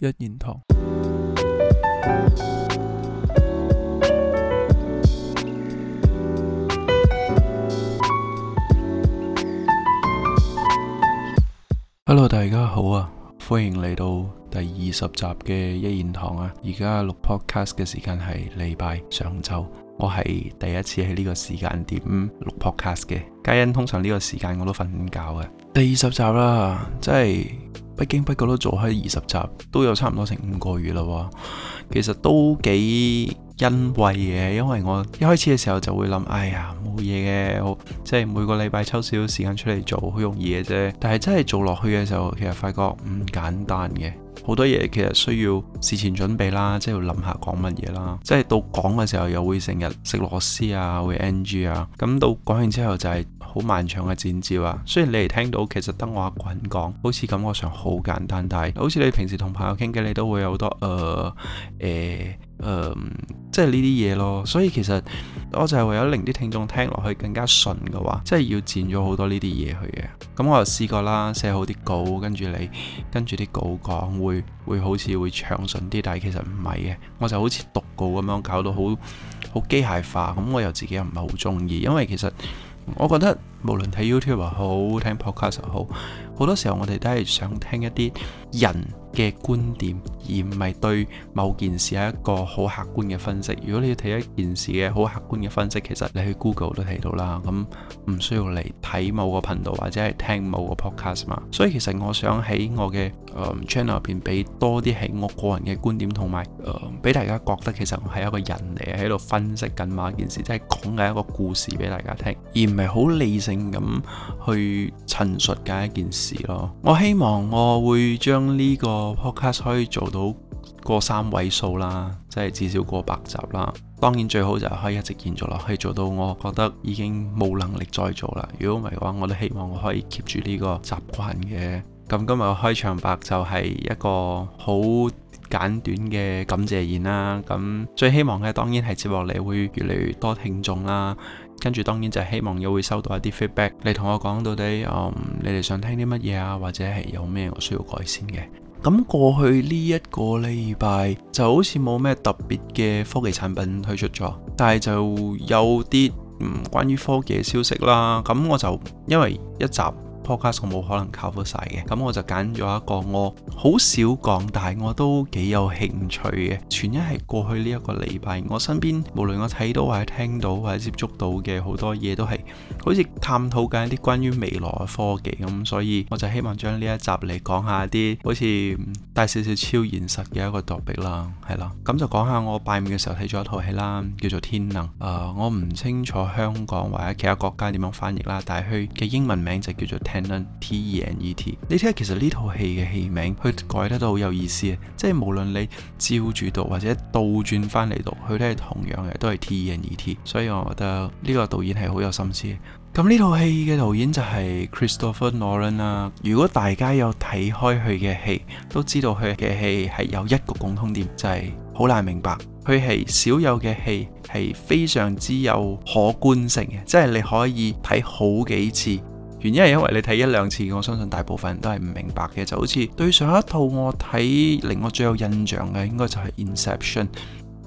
一言堂。Hello，大家好啊！歡迎嚟到第二十集嘅一言堂啊！而家錄 podcast 嘅時間係禮拜上晝，我係第一次喺呢個時間點錄 podcast 嘅。皆因通常呢個時間我都瞓覺嘅。第二十集啦，真係不經不覺都做開二十集，都有差唔多成五個月啦。其實都幾欣慰嘅，因為我一開始嘅時候就會諗，哎呀，冇嘢嘅，即係每個禮拜抽少少時間出嚟做好容易嘅啫。但係真係做落去嘅時候，其實發覺唔簡單嘅。好多嘢其實需要事前準備啦，即係要諗下講乜嘢啦，即係到講嘅時候又會成日食螺絲啊，會 NG 啊，咁到講完之後就係好漫長嘅剪接啊。雖然你哋聽到其實得我阿滾講，好似感覺上好簡單，但係好似你平時同朋友傾偈，你都會有好多誒誒即係呢啲嘢咯。所以其實我就係為咗令啲聽眾聽落去更加順嘅話，即係要剪咗好多呢啲嘢去嘅。咁我又試過啦，寫好啲稿，跟住你跟住啲稿講。會會好似會暢順啲，但係其實唔係嘅。我就好似讀稿咁樣，搞到好好機械化，咁我又自己又唔係好中意。因為其實我覺得無論睇 YouTube 又好，聽 podcast 又好，好多時候我哋都係想聽一啲人嘅觀點而唔係對某件事係一個好客觀嘅分析。如果你要睇一件事嘅好客觀嘅分析，其實你去 Google 都睇到啦。咁唔需要嚟睇某個頻道或者係聽某個 podcast 嘛。所以其實我想喺我嘅、呃、channel 入邊俾多啲係我個人嘅觀點同埋誒，俾大家覺得其實我係一個人嚟，喺度分析緊某一件事，即係講緊一個故事俾大家聽，而唔係好理性咁去陳述緊一件事咯。我希望我會將呢個 podcast 可以做到。好過三位數啦，即係至少過百集啦。當然最好就係可以一直延續落去，做到我覺得已經冇能力再做啦。如果唔係嘅話，我都希望我可以 keep 住呢個習慣嘅。咁今日嘅開場白就係一個好簡短嘅感謝言啦。咁最希望嘅當然係接落嚟會越嚟越多聽眾啦，跟住當然就係希望又會收到一啲 feedback 你同我講到底，嗯，你哋想聽啲乜嘢啊，或者係有咩我需要改善嘅。咁過去呢一個禮拜就好似冇咩特別嘅科技產品推出咗，但係就有啲唔關於科技嘅消息啦。咁我就因為一集 Podcast 我冇可能 cover 曬嘅，咁我就揀咗一個我好少講，但係我都幾有興趣嘅。全因係過去呢一個禮拜，我身邊無論我睇到或者聽到或者接觸到嘅好多嘢都係。好似探討緊一啲關於未來嘅科技咁，所以我就希望將呢一集嚟講下啲好似大少少超現實嘅一個特別啦，係啦，咁就講下我拜五嘅時候睇咗一套戲啦，叫做《天能》。誒、呃，我唔清楚香港或者其他國家點樣翻譯啦，但係佢嘅英文名就叫做 Tenet，（T E N E T）。你睇下其實呢套戲嘅戲名，佢改得都好有意思啊！即係無論你照住讀或者倒轉翻嚟讀，佢都係同樣嘅，都係 T E N E T。E N、e t，所以我覺得呢個導演係好有心思。咁呢套戲嘅導演就係 Christopher Nolan 啦。如果大家有睇開佢嘅戲，都知道佢嘅戲係有一個共通點，就係好難明白。佢係少有嘅戲係非常之有可觀性嘅，即係你可以睇好幾次。原因係因為你睇一兩次，我相信大部分人都係唔明白嘅。就好似對上一套我睇令我最有印象嘅，應該就係 Inception。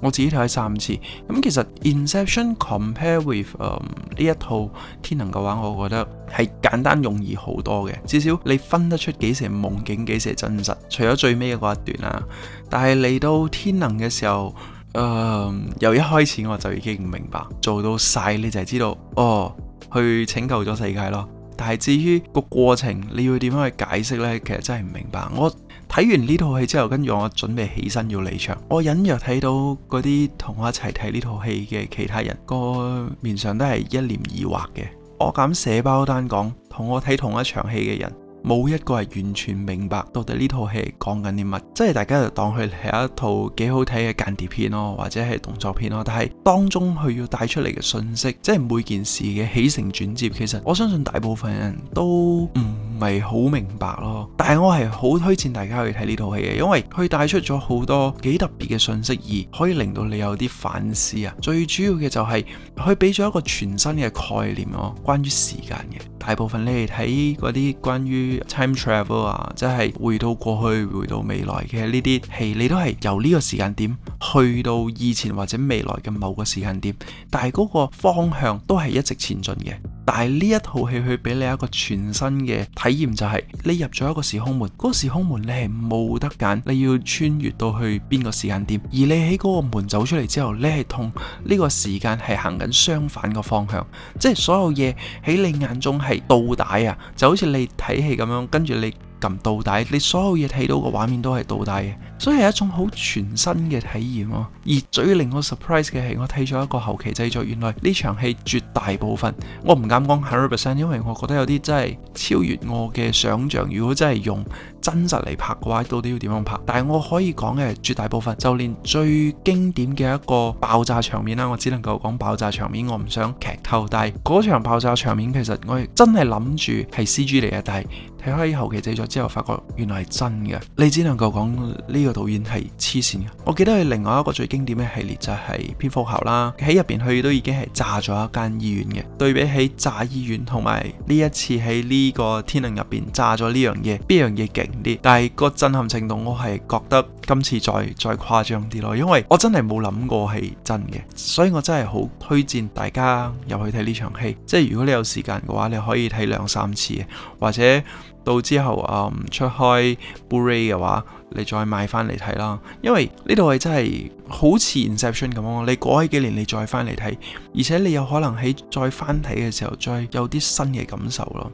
我自己睇咗三次，咁其實《Inception》compare with 呢、um, 一套天能嘅話，我覺得係簡單容易好多嘅，至少你分得出幾成夢境幾成真實。除咗最尾嗰一段啊。但係嚟到天能嘅時候，誒、嗯、由一開始我就已經唔明白，做到晒你就係知道哦，去拯救咗世界咯。但係至於個過程你要點樣去解釋呢？其實真係唔明白我。睇完呢套戲之後，跟住我準備起身要離場，我隱約睇到嗰啲同我一齊睇呢套戲嘅其他人個面上都係一臉疑惑嘅。我敢寫包單講，同我睇同一場戲嘅人，冇一個係完全明白到底呢套戲講緊啲乜。即係大家就當佢係一套幾好睇嘅間諜片咯，或者係動作片咯。但係當中佢要帶出嚟嘅信息，即係每件事嘅起承轉接，其實我相信大部分人都唔，嗯唔係好明白咯，但係我係好推薦大家去睇呢套戲嘅，因為佢帶出咗好多幾特別嘅信息，而可以令到你有啲反思啊。最主要嘅就係佢俾咗一個全新嘅概念咯，關於時間嘅。大部分你哋睇嗰啲關於 time travel 啊，即係回到過去、回到未來嘅呢啲戲，你都係由呢個時間點去到以前或者未來嘅某個時間點，但係嗰個方向都係一直前進嘅。呢一套戲，去俾你一個全新嘅體驗，就是，就係你入咗一個時空門，嗰、嗰個時空門你係冇得揀，你要穿越到去邊個時間點，而你喺嗰個門走出嚟之後，你係同呢個時間係行緊相反個方向，即係所有嘢喺你眼中係倒帶啊！就好似你睇戲咁樣，跟住你。咁倒帶，你所有嘢睇到嘅畫面都係倒帶嘅，所以係一種好全新嘅體驗咯。而最令我 surprise 嘅係，我睇咗一個後期製作，原來呢場戲絕大部分，我唔敢講係100%，因為我覺得有啲真係超越我嘅想象。如果真係用真實嚟拍嘅話，到底要點樣拍？但係我可以講嘅係絕大部分，就連最經典嘅一個爆炸場面啦，我只能夠講爆炸場面，我唔想劇透。但係嗰場爆炸場面，其實我真係諗住係 CG 嚟嘅，但係。喺後期製作之後，發覺原來係真嘅。你只能夠講呢個導演係黐綫嘅。我記得佢另外一個最經典嘅系列就係、是、蝙蝠俠啦。喺入邊佢都已經係炸咗一間醫院嘅。對比起炸醫院同埋呢一次喺呢個天能入邊炸咗呢樣嘢，邊樣嘢勁啲？但係個震撼程度，我係覺得今次再再誇張啲咯。因為我真係冇諗過係真嘅，所以我真係好推薦大家入去睇呢場戲。即係如果你有時間嘅話，你可以睇兩三次，或者。到之後啊，唔、嗯、出開 Blu-ray 嘅話，你再買翻嚟睇啦。因為呢套戲真係好似 Inception 咁咯，你過去幾年你再翻嚟睇，而且你有可能喺再翻睇嘅時候，再有啲新嘅感受咯。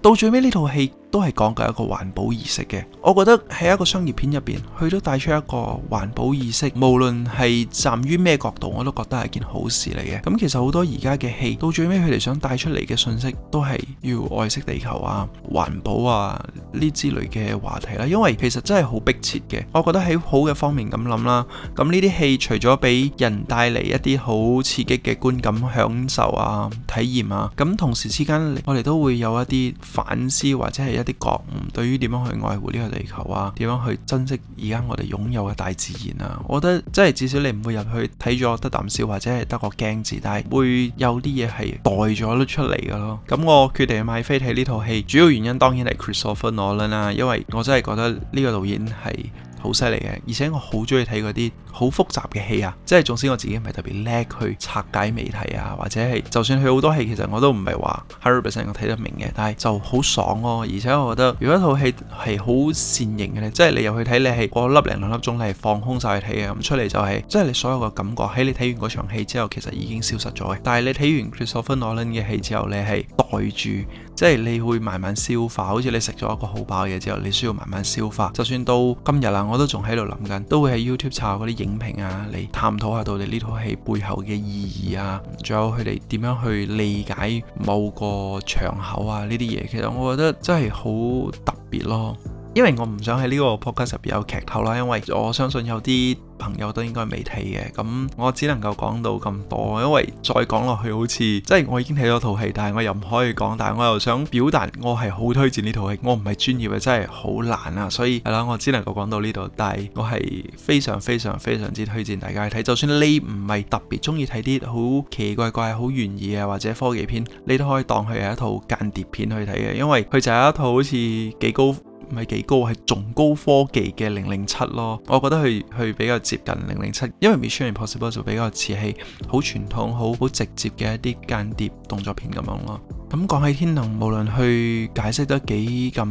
到最尾呢套戲，都係講緊一個環保意識嘅，我覺得喺一個商業片入邊，佢都帶出一個環保意識，無論係站於咩角度，我都覺得係件好事嚟嘅。咁其實好多而家嘅戲，到最尾佢哋想帶出嚟嘅信息，都係要愛惜地球啊、環保啊呢之類嘅話題啦。因為其實真係好迫切嘅。我覺得喺好嘅方面咁諗啦，咁呢啲戲除咗俾人帶嚟一啲好刺激嘅觀感享受啊、體驗啊，咁同時之間我哋都會有一啲反思或者係。一啲覺悟，對於點樣去愛護呢個地球啊，點樣去珍惜而家我哋擁有嘅大自然啊，我覺得即係至少你唔會入去睇咗得啖笑，或者係得個驚字，但係會有啲嘢係代咗出嚟嘅咯。咁我決定買飛睇呢套戲，主要原因當然係 Christopher Nolan 啦，因為我真係覺得呢個導演係。好犀利嘅，而且我好中意睇嗰啲好複雜嘅戲啊！即係，總之我自己唔係特別叻去拆解謎題啊，或者係，就算佢好多戲，其實我都唔係話100%我睇得明嘅，但係就好爽咯、啊！而且我覺得，如果一套戲係好善型嘅咧，即係你入去睇，你、那、係個粒零兩粒鐘，你放空晒去睇啊，咁出嚟就係、是，即係你所有嘅感覺喺你睇完嗰場戲之後，其實已經消失咗嘅。但係你睇完 Christopher Nolan 嘅戲之後，你係待住。即係你會慢慢消化，好似你食咗一個好飽嘅嘢之後，你需要慢慢消化。就算到今日啊，我都仲喺度諗緊，都會喺 YouTube 查嗰啲影評啊，嚟探討下到你呢套戲背後嘅意義啊，仲有佢哋點樣去理解某個場口啊呢啲嘢。其實我覺得真係好特別咯。因為我唔想喺呢個 podcast 裡面有劇透啦，因為我相信有啲朋友都應該未睇嘅，咁我只能夠講到咁多，因為再講落去好似即係我已經睇咗套戲，但係我又唔可以講，但係我又想表達我係好推薦呢套戲，我唔係專業嘅，真係好難啊，所以係啦，我只能夠講到呢度，但係我係非常非常非常之推薦大家去睇，就算你唔係特別中意睇啲好奇怪怪、好懸疑啊或者科技片，你都可以當佢係一套間諜片去睇嘅，因為佢就係一套好似幾高。唔係幾高，係仲高科技嘅零零七咯。我覺得佢佢比較接近零零七，因為 Mission Impossible 就比較似係好傳統、好好直接嘅一啲間諜動作片咁樣咯。咁講起天能，無論去解釋得幾咁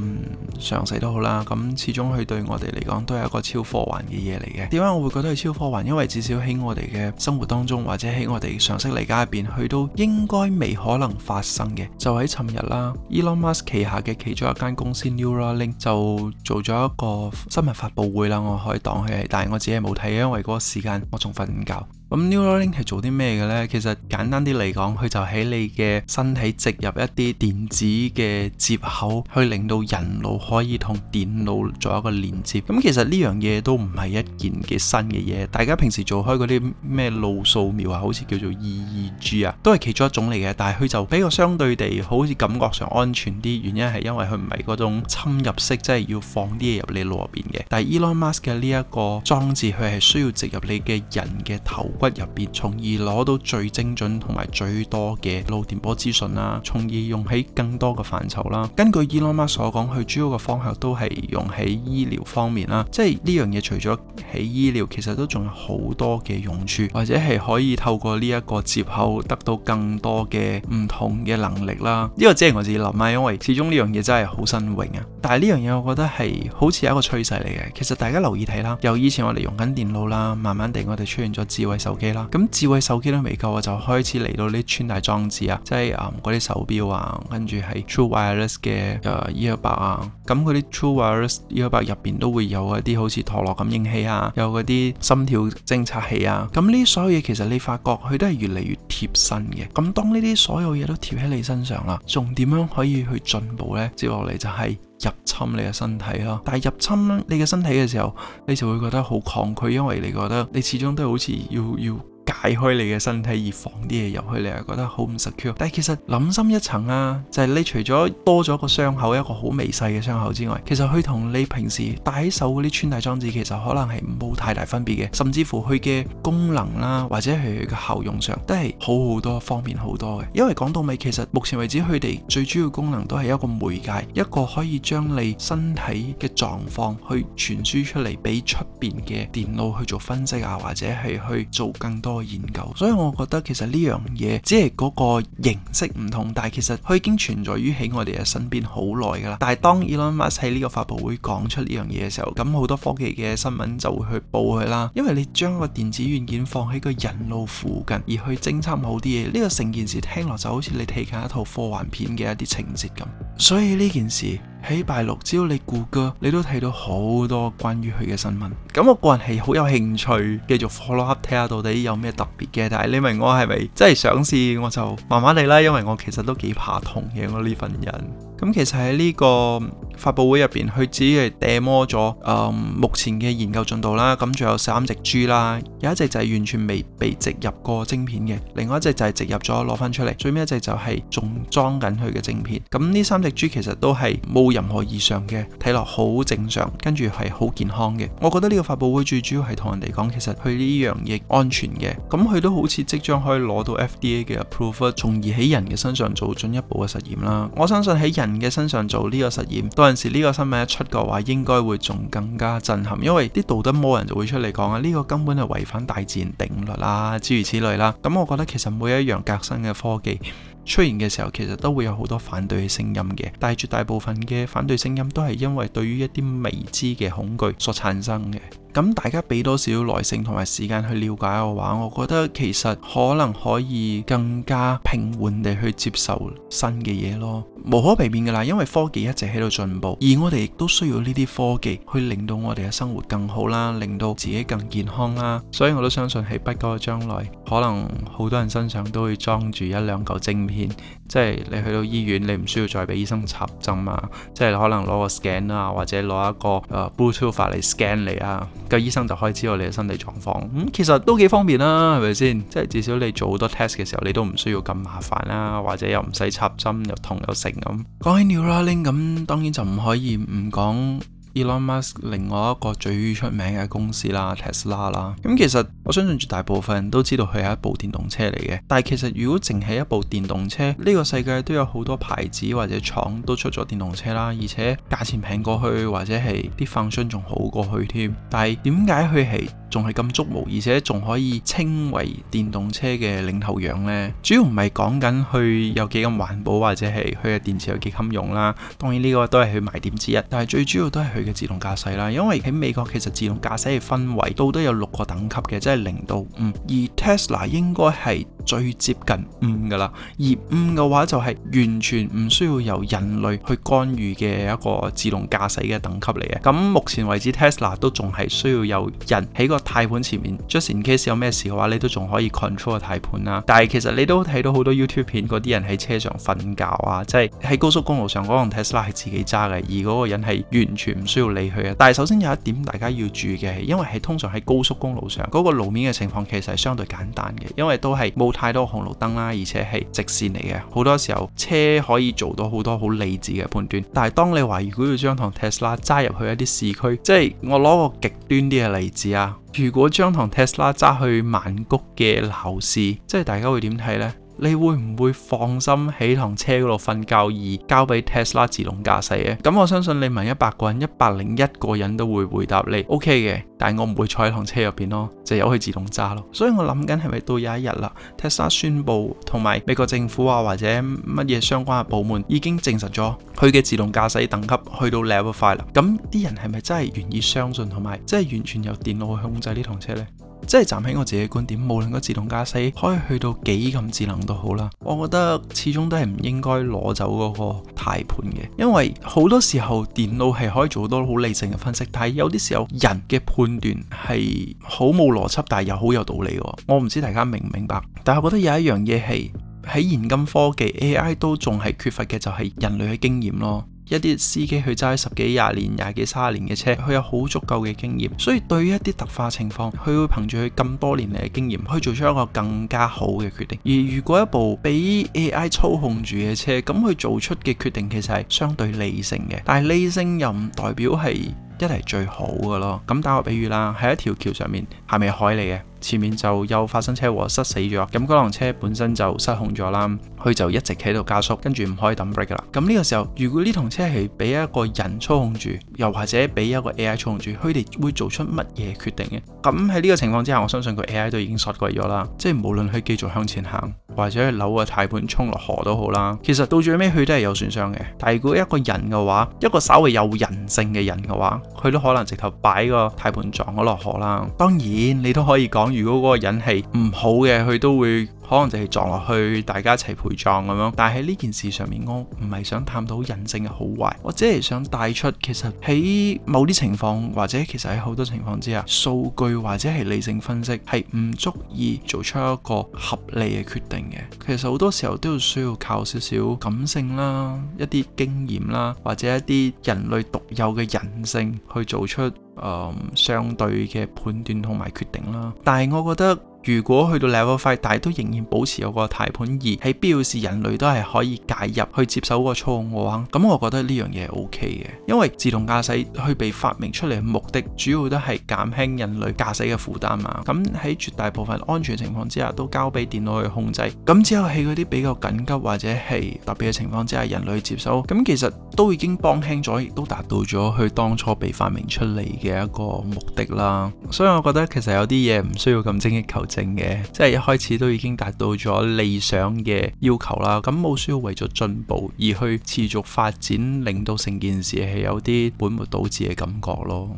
詳細都好啦，咁始終佢對我哋嚟講都係一個超科幻嘅嘢嚟嘅。點解我會覺得係超科幻？因為至少喺我哋嘅生活當中，或者喺我哋嘅常識理解入邊，佢都應該未可能發生嘅。就喺尋日啦，Elon Musk 旗下嘅其中一間公司 Neuralink 就做咗一個新聞發佈會啦，我可以當佢係，但係我自己係冇睇，因為嗰個時間我仲瞓緊覺。咁 Neuralink 係做啲咩嘅呢？其實簡單啲嚟講，佢就喺你嘅身體植入一啲電子嘅接口，去令到人腦可以同電腦做一個連接。咁、嗯、其實呢樣嘢都唔係一件嘅新嘅嘢，大家平時做開嗰啲咩腦掃描啊，好似叫做 EEG 啊，都係其中一種嚟嘅。但係佢就比較相對地好似感覺上安全啲，原因係因為佢唔係嗰種侵入式，即係要放啲嘢入你腦入邊嘅。但係 Elon Musk 嘅呢一個裝置，佢係需要植入你嘅人嘅頭。骨入邊，從而攞到最精準同埋最多嘅腦電波資訊啦、啊，從而用喺更多嘅範疇啦、啊。根據伊朗 o 所講，佢主要嘅方向都係用喺醫療方面啦、啊。即係呢樣嘢除咗喺醫療，其實都仲有好多嘅用處，或者係可以透過呢一個接口得到更多嘅唔同嘅能力啦、啊。呢、這個即係我自己諗啦，因為始終呢樣嘢真係好新穎啊。但係呢樣嘢，我覺得係好似有一個趨勢嚟嘅。其實大家留意睇啦，由以前我哋用緊電腦啦，慢慢地我哋出現咗智慧手機啦，咁智慧手機都未夠啊，就開始嚟到啲穿戴裝置啊，即係誒嗰啲手錶啊，跟住係 True Wireless 嘅誒 earbud 啊，咁嗰啲 True Wireless earbud 入邊都會有一啲好似陀螺感應器啊，有嗰啲心跳偵測器啊，咁呢所有嘢其實你發覺佢都係越嚟越貼身嘅。咁當呢啲所有嘢都貼喺你身上啦，仲點樣可以去進步呢？接落嚟就係、是。入侵你嘅身體啦，但係入侵你嘅身體嘅時候，你就會覺得好抗拒，因為你覺得你始終都好似要要，要解開你嘅身體而放啲嘢入去，你就覺得好唔 secure。但係其實諗深一層啊，就係、是、你除咗多咗個傷口，一個好微細嘅傷口之外，其實佢同你平時戴喺手嗰啲穿戴裝置，其實可能係冇太大分別嘅，甚至乎佢嘅功能啦、啊，或者係佢嘅效用上，都係好好多、方便好多嘅。因為講到尾，其實目前為止佢哋最主要功能都係一個媒介，一個可以將你身體嘅狀況去傳輸出嚟俾出邊嘅電腦去做分析啊，或者係去做更多。研究，所以我覺得其實呢樣嘢只係嗰個形式唔同，但係其實佢已經存在於喺我哋嘅身邊好耐噶啦。但係當 Elon Musk 喺呢個發布會講出呢樣嘢嘅時候，咁好多科技嘅新聞就會去報佢啦。因為你將個電子元件放喺個人腦附近而去偵測好啲嘢，呢、這個成件事聽落就好似你睇緊一套科幻片嘅一啲情節咁。所以呢件事。起拜只要你 Google 你都睇到好多關於佢嘅新聞。咁我個人係好有興趣繼續 follow up 睇下到底有咩特別嘅。但係你問我係咪真係想試，我就慢慢嚟啦，因為我其實都幾怕痛嘅，我呢份人。咁其實喺呢個發佈會入邊，佢只係 demo 咗誒目前嘅研究進度啦，咁仲有三隻豬啦，有一隻就係完全未被植入過晶片嘅，另外一隻就係植入咗攞翻出嚟，最尾一隻就係仲裝緊佢嘅晶片。咁呢三隻豬其實都係冇任何異常嘅，睇落好正常，跟住係好健康嘅。我覺得呢個發佈會最主要係同人哋講，其實佢呢樣嘢安全嘅，咁佢都好似即將可以攞到 FDA 嘅 approval，從而喺人嘅身上做進一步嘅實驗啦。我相信喺人。人嘅身上做呢個實驗，到陣時呢個新聞一出嘅話，應該會仲更加震撼，因為啲道德魔人就會出嚟講啊，呢個根本係違反大自然定律啦，諸如此類啦。咁我覺得其實每一樣革新嘅科技出現嘅時候，其實都會有好多反對嘅聲音嘅，但係絕大部分嘅反對聲音都係因為對於一啲未知嘅恐懼所產生嘅。咁大家俾多少耐性同埋時間去了解嘅話，我覺得其實可能可以更加平緩地去接受新嘅嘢咯。無可避免噶啦，因為科技一直喺度進步，而我哋亦都需要呢啲科技去令到我哋嘅生活更好啦，令到自己更健康啦。所以我都相信喺不久嘅將來，可能好多人身上都會裝住一兩嚿晶片。即係你去到醫院，你唔需要再俾醫生插針啊！即係可能攞個 scan 啊，或者攞一個誒、呃、Bluetooth 嚟 scan 你啊，個醫生就可以知道你嘅身體狀況。咁、嗯、其實都幾方便啦、啊，係咪先？即係至少你做好多 test 嘅時候，你都唔需要咁麻煩啦、啊，或者又唔使插針，又痛又成咁。講起 Neuralink，咁當然就唔可以唔講。Elon Musk 另外一個最出名嘅公司啦，Tesla 啦，咁其實我相信絕大部分人都知道佢係一部電動車嚟嘅。但係其實如果淨係一部電動車，呢個世界都有好多牌子或者廠都出咗電動車啦，而且價錢平過去，或者係啲 function 仲好過去添。但係點解佢係仲係咁足，而且仲可以稱為電動車嘅領頭羊咧。主要唔係講緊佢有幾咁環保，或者係佢嘅電池有幾襟用啦。當然呢個都係佢賣點之一，但係最主要都係佢嘅自動駕駛啦。因為喺美國其實自動駕駛嘅分為到底有六個等級嘅，即係零到五，而 Tesla 應該係最接近五噶啦。而五嘅話就係完全唔需要由人類去干預嘅一個自動駕駛嘅等級嚟嘅。咁目前為止 Tesla 都仲係需要有人喺個軚盤前面，just in case 有咩事嘅話，你都仲可以 control 個軚盤啦。但係其實你都睇到好多 YouTube 片，嗰啲人喺車上瞓覺啊，即係喺高速公路上嗰架、那個、Tesla 係自己揸嘅，而嗰個人係完全唔需要理佢啊。但係首先有一點大家要注意嘅，因為係通常喺高速公路上嗰、那個路面嘅情況其實係相對簡單嘅，因為都係冇太多紅綠燈啦，而且係直線嚟嘅。好多時候車可以做到好多好理智嘅判斷。但係當你話如果要將架 Tesla 揸入去一啲市區，即係我攞個極端啲嘅例子啊。如果將唐特斯拉揸去曼谷嘅鬧市，即係大家會點睇咧？你會唔會放心喺趟車嗰度瞓覺而交俾 Tesla 自動駕駛咧？咁我相信你問一百個人，一百零一個人都會回答你 OK 嘅，但係我唔會坐喺趟車入邊咯，就由佢自動揸咯。所以我諗緊係咪到有一日啦，Tesla 宣佈同埋美國政府啊或者乜嘢相關嘅部門已經證實咗佢嘅自動駕駛等級去到 Level Five 啦。咁啲人係咪真係願意相信同埋真係完全由電腦去控制呢趟車呢？即係站起我自己嘅觀點，無論個自動駕駛可以去到幾咁智能都好啦，我覺得始終都係唔應該攞走嗰個軚盤嘅，因為好多時候電腦係可以做到好理性嘅分析，但係有啲時候人嘅判斷係好冇邏輯，但係又好有道理。我唔知大家明唔明白，但係我覺得有一樣嘢係喺現今科技 AI 都仲係缺乏嘅，就係人類嘅經驗咯。一啲司機去揸十幾廿年、廿幾三十年嘅車，佢有好足夠嘅經驗，所以對一啲突發情況，佢會憑住佢咁多年嚟嘅經驗，佢做出一個更加好嘅決定。而如果一部俾 AI 操控住嘅車，咁佢做出嘅決定其實係相對理性嘅，但係理性又唔代表係一嚟最好嘅咯。咁打個比喻啦，喺一條橋上面，係咪海嚟嘅？前面就又發生車禍，失死咗。咁嗰輛車本身就失控咗啦，佢就一直喺度加速，跟住唔可以等 break 噶啦。咁呢個時候，如果呢台車係俾一個人操控住，又或者俾一個 AI 操控住，佢哋會做出乜嘢決定嘅？咁喺呢個情況之下，我相信個 AI 都已經索過咗啦。即係無論佢繼續向前行，或者扭個軚盤衝落河都好啦。其實到最尾佢都係有損傷嘅。但係如果一個人嘅話，一個稍微有人性嘅人嘅話，佢都可能直頭擺個軚盤撞咗落河啦。當然你都可以講。如果嗰個引氣唔好嘅，佢都會。可能就係撞落去，大家一齊陪葬咁樣。但係喺呢件事上面，我唔係想探討人性嘅好壞，我只係想帶出其實喺某啲情況，或者其實喺好多情況之下，數據或者係理性分析係唔足以做出一個合理嘅決定嘅。其實好多時候都要需要靠少少感性啦、一啲經驗啦，或者一啲人類獨有嘅人性去做出誒、呃、相對嘅判斷同埋決定啦。但係我覺得。如果去到 level 5，但係都仍然保持有個軚盤，而喺必要時人類都係可以介入去接手個操控嘅話，咁我覺得呢樣嘢 OK 嘅，因為自動駕駛去被發明出嚟嘅目的，主要都係減輕人類駕駛嘅負擔啊，咁喺絕大部分安全情況之下，都交俾電腦去控制。咁只有喺嗰啲比較緊急或者係特別嘅情況之下，人類去接手，咁其實都已經幫輕咗，亦都達到咗佢當初被發明出嚟嘅一個目的啦。所以我覺得其實有啲嘢唔需要咁精益求精嘅，即係一開始都已經達到咗理想嘅要求啦，咁冇需要為咗進步而去持續發展，令到成件事係有啲本末倒置嘅感覺咯。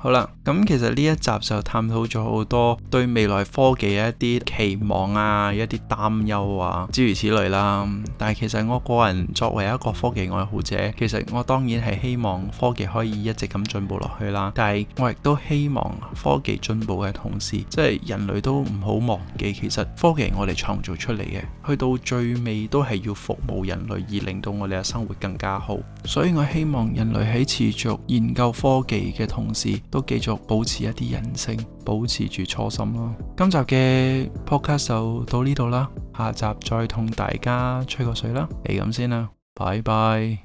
好啦，咁其實呢一集就探討咗好多對未來科技嘅一啲期望啊，一啲擔憂啊，諸如此類啦。但係其實我個人作為一個科技愛好者，其實我當然係希望科技可以一直咁進步落去啦。但係我亦都希望科技進步嘅同時，即係人類都唔好忘記，其實科技我哋創造出嚟嘅，去到最尾都係要服務人類，而令到我哋嘅生活更加好。所以我希望人類喺持續研究科技嘅同時，都繼續保持一啲人性，保持住初心咯。今集嘅 podcast 就到呢度啦，下集再同大家吹個水啦。你咁先啦，拜拜。